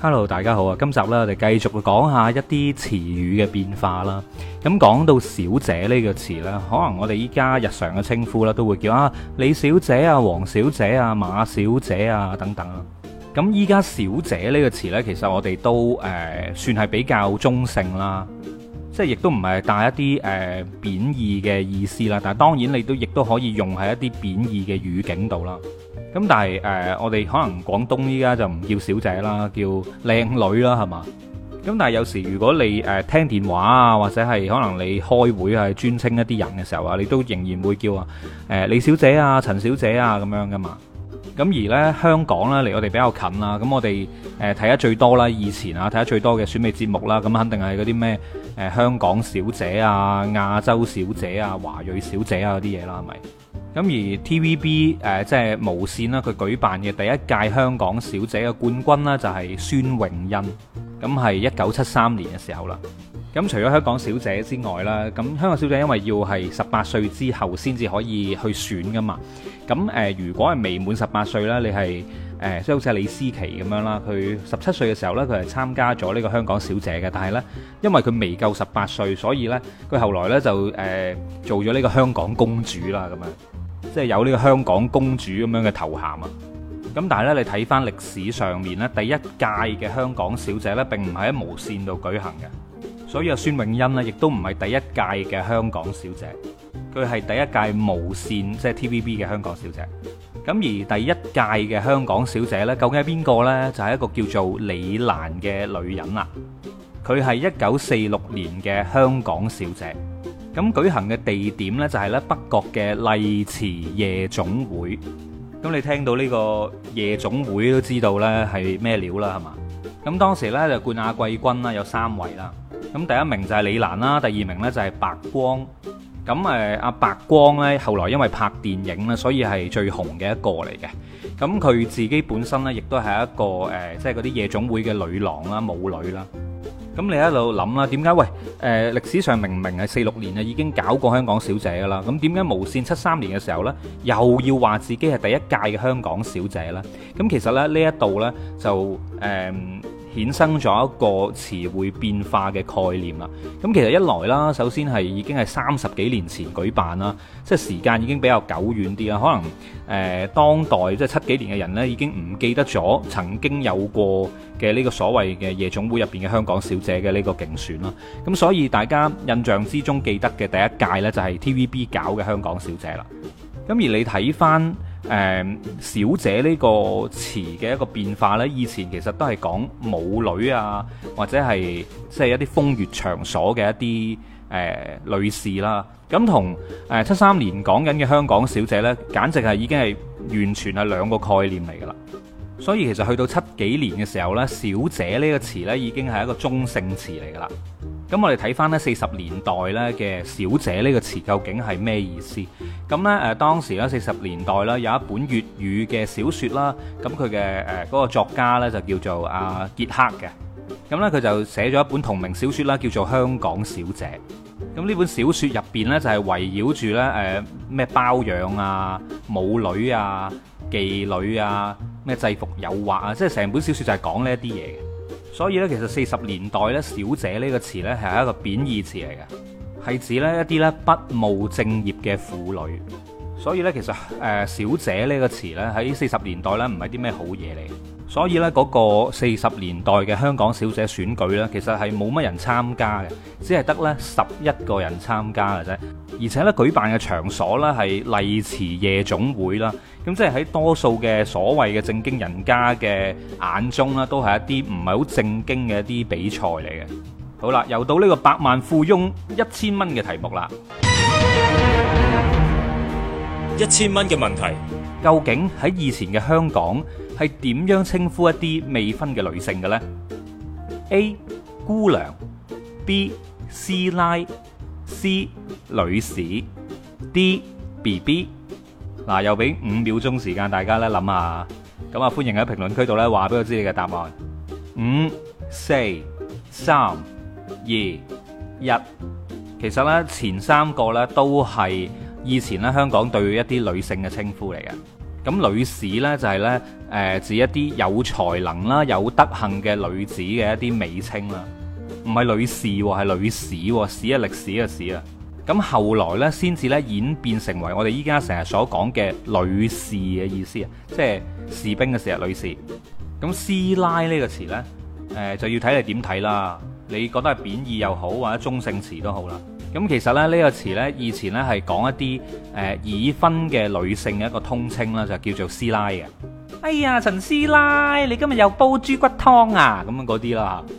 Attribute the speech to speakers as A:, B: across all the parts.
A: Hello，大家好啊！今集咧，我哋繼續講下一啲詞語嘅變化啦。咁講到小姐呢個詞呢，可能我哋依家日常嘅稱呼啦，都會叫啊李小姐啊、王小姐啊、馬小姐啊等等啦。咁依家小姐呢個詞呢，其實我哋都誒、呃、算係比較中性啦，即係亦都唔係帶一啲誒、呃、貶義嘅意思啦。但係當然你都亦都可以用喺一啲貶義嘅語境度啦。咁但係誒、呃，我哋可能廣東依家就唔叫小姐啦，叫靚女啦，係嘛？咁但係有時如果你誒、呃、聽電話啊，或者係可能你開會係尊稱一啲人嘅時候啊，你都仍然會叫啊誒、呃、李小姐啊、陳小姐啊咁樣噶嘛。咁而呢，香港呢，離我哋比較近啦，咁、啊嗯、我哋誒睇得最多啦，以前啊睇得最多嘅選美節目啦，咁、啊嗯、肯定係嗰啲咩誒香港小姐啊、亞洲小姐啊、華裔小姐啊嗰啲嘢啦，係咪？咁而 TVB 誒、呃、即係無線啦，佢舉辦嘅第一屆香港小姐嘅冠軍啦，就係、是、孫泳恩。咁係一九七三年嘅時候啦。咁、嗯、除咗香港小姐之外啦，咁、嗯、香港小姐因為要係十八歲之後先至可以去選㗎嘛。咁、嗯、誒、呃，如果係未滿十八歲啦，你係誒，即、呃、好似李司棋咁樣啦，佢十七歲嘅時候呢，佢係參加咗呢個香港小姐嘅，但係呢，因為佢未夠十八歲，所以呢，佢後來呢，就誒、呃、做咗呢個香港公主啦，咁樣。即係有呢個香港公主咁樣嘅頭銜啊！咁但係呢，你睇返歷史上面呢，第一屆嘅香港小姐呢，並唔係喺無線度舉行嘅，所以阿孫泳恩呢，亦都唔係第一屆嘅香港小姐，佢係第一屆無線，即係 TVB 嘅香港小姐。咁而第一屆嘅香港小姐呢，究竟係邊個呢？就係一個叫做李蘭嘅女人啦，佢係一九四六年嘅香港小姐。咁舉行嘅地點咧就係咧北角嘅麗池夜總會。咁你聽到呢個夜總會都知道咧係咩料啦，係嘛？咁當時咧就冠亞季軍啦，有三位啦。咁第一名就係李蘭啦，第二名咧就係白光。咁誒阿白光咧，後來因為拍電影咧，所以係最紅嘅一個嚟嘅。咁佢自己本身咧，亦都係一個誒，即係嗰啲夜總會嘅女郎啦、舞女啦。咁你喺度諗啦，點解？喂，誒、呃，歷史上明明係四六年啊，已經搞過香港小姐噶啦，咁點解無線七三年嘅時候呢，又要話自己係第一屆嘅香港小姐呢？咁其實咧，呢一度呢，就誒。呃衍生咗一個詞彙變化嘅概念啦。咁其實一來啦，首先係已經係三十幾年前舉辦啦，即係時間已經比較久遠啲啦。可能誒、呃、當代即係、就是、七幾年嘅人呢，已經唔記得咗曾經有過嘅呢個所謂嘅夜總會入邊嘅香港小姐嘅呢個競選啦。咁所以大家印象之中記得嘅第一屆呢，就係 TVB 搞嘅香港小姐啦。咁而你睇翻。誒、嗯、小姐呢個詞嘅一個變化呢，以前其實都係講舞女啊，或者係即係一啲風月場所嘅一啲誒、呃、女士啦。咁同誒七三年講緊嘅香港小姐呢，簡直係已經係完全係兩個概念嚟㗎啦。所以其實去到七幾年嘅時候呢，「小姐」呢個詞呢，已經係一個中性詞嚟㗎啦。咁我哋睇翻咧四十年代咧嘅小姐呢個詞究竟係咩意思？咁咧誒當時咧四十年代啦有一本粵語嘅小説啦，咁佢嘅誒嗰個作家咧就叫做阿傑克嘅，咁咧佢就寫咗一本同名小説啦，叫做《香港小姐》。咁呢本小説入邊咧就係圍繞住咧誒咩包養啊、舞女啊、妓女啊、咩制服誘惑啊，即係成本小説就係講呢一啲嘢。所以咧，其實四十年代咧，小姐呢個詞呢，係一個貶義詞嚟嘅，係指呢一啲呢不務正業嘅婦女。所以呢，其實誒、呃、小姐呢個詞呢，喺四十年代呢，唔係啲咩好嘢嚟。所以咧，嗰個四十年代嘅香港小姐選舉呢，其實係冇乜人參加嘅，只係得咧十一個人參加嘅啫。而且咧，舉辦嘅場所呢係麗池夜總會啦，咁即係喺多數嘅所謂嘅正經人家嘅眼中咧，都係一啲唔係好正經嘅一啲比賽嚟嘅。好啦，又到呢個百萬富翁一千蚊嘅題目啦。一千蚊嘅問題，究竟喺以前嘅香港係點樣稱呼一啲未婚嘅女性嘅呢？A. 姑娘，B. 師奶，C. 女士，D.B.B. 嗱、啊，又俾五秒鐘時間，大家咧諗下，咁啊，歡迎喺評論區度咧話俾我知你嘅答案。五、四、三、二、一，其實呢，前三個呢都係，以前咧，香港對一啲女性嘅稱呼嚟嘅。咁女士呢就係呢，誒指一啲有才能啦、有德行嘅女子嘅一啲美稱啦。唔係女士喎，係女史喎，史啊歷史嘅史啊。咁後來呢，先至呢演變成為我哋依家成日所講嘅女士嘅意思啊，即係士兵嘅士啊，女士。咁師奶呢個詞呢，誒就要睇你點睇啦。你覺得係貶義又好，或者中性詞都好啦。咁其實咧呢個詞呢，以前咧係講一啲誒已婚嘅女性嘅一個通稱啦，就叫做師奶嘅。哎呀，陳師奶，你今日又煲豬骨湯啊？咁樣嗰啲啦嚇。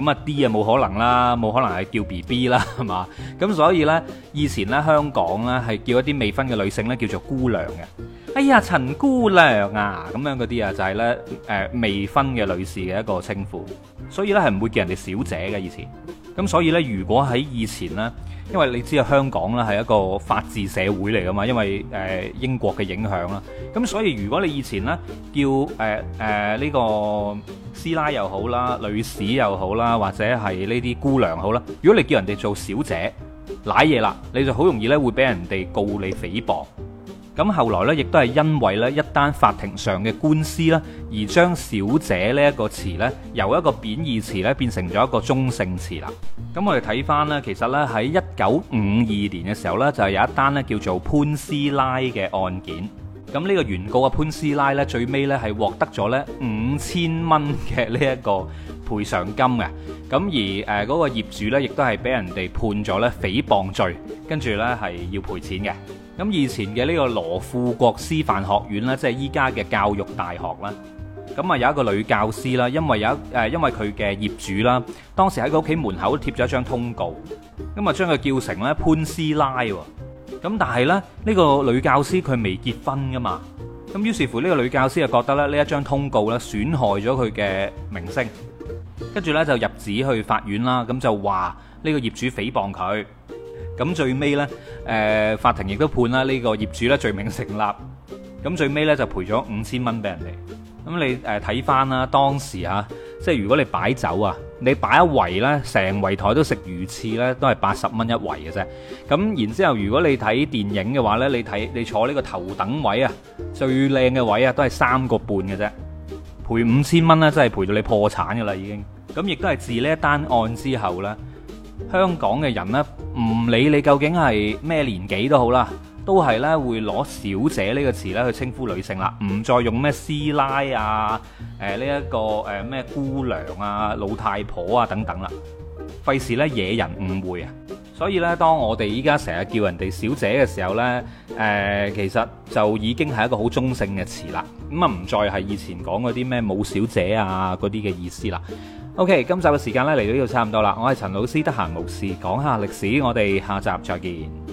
A: 咁啊啲啊冇可能啦，冇可能係叫 BB 啦，係嘛？咁所以呢，以前呢，香港呢係叫一啲未婚嘅女性呢叫做姑娘嘅。哎呀，陳姑娘啊，咁樣嗰啲啊就係呢誒未婚嘅女士嘅一個稱呼。所以呢，係唔會叫人哋小姐嘅以前。咁所以呢，如果喺以前呢，因為你知道香港咧係一個法治社會嚟㗎嘛，因為誒、呃、英國嘅影響啦。咁所以如果你以前呢，叫誒誒呢個師奶又好啦、女士又好啦，或者係呢啲姑娘好啦，如果你叫人哋做小姐，瀨嘢啦，你就好容易呢會俾人哋告你誹謗。咁後來咧，亦都係因為咧一單法庭上嘅官司啦，而將小姐呢一個詞咧，由一個貶義詞咧變成咗一個中性詞啦。咁我哋睇翻咧，其實咧喺一九五二年嘅時候咧，就係有一單咧叫做潘師奶嘅案件。咁呢個原告嘅潘師奶咧，最尾咧係獲得咗咧五千蚊嘅呢一個賠償金嘅。咁而誒嗰個業主咧，亦都係俾人哋判咗咧誹謗罪，跟住咧係要賠錢嘅。咁以前嘅呢個羅富國師範學院咧，即係依家嘅教育大學啦。咁啊有一個女教師啦，因為有一誒，因為佢嘅業主啦，當時喺佢屋企門口貼咗一張通告，咁啊將佢叫成咧潘師奶喎。咁但係咧呢個女教師佢未結婚噶嘛，咁於是乎呢個女教師就覺得咧呢一張通告咧損害咗佢嘅名聲，跟住咧就入紙去法院啦，咁就話呢個業主誹謗佢。咁最尾呢，誒、呃、法庭亦都判啦呢、呢個業主呢罪名成立。咁最尾呢就賠咗五千蚊俾人哋。咁你誒睇翻啦，當時啊，即係如果你擺酒啊，你擺一圍呢，成圍台都食魚翅呢，都係八十蚊一圍嘅啫。咁然之後，如果你睇電影嘅話呢，你睇你坐呢個頭等位啊，最靚嘅位啊，都係三個半嘅啫。賠五千蚊呢，真係賠到你破產噶啦已經。咁亦都係自呢一單案之後呢。香港嘅人呢，唔理你究竟係咩年紀都好啦，都係呢會攞小姐呢個詞呢去稱呼女性啦，唔再用咩師奶啊、誒呢一個誒咩、呃、姑娘啊、老太婆啊等等啦，費事呢惹人誤會啊。所以呢，當我哋依家成日叫人哋小姐嘅時候呢，誒、呃、其實就已經係一個好中性嘅詞啦，咁啊唔再係以前講嗰啲咩冇小姐啊嗰啲嘅意思啦。O.K. 今集嘅時間咧嚟到呢度差唔多啦，我係陳老師，得閒無事講下歷史，我哋下集再見。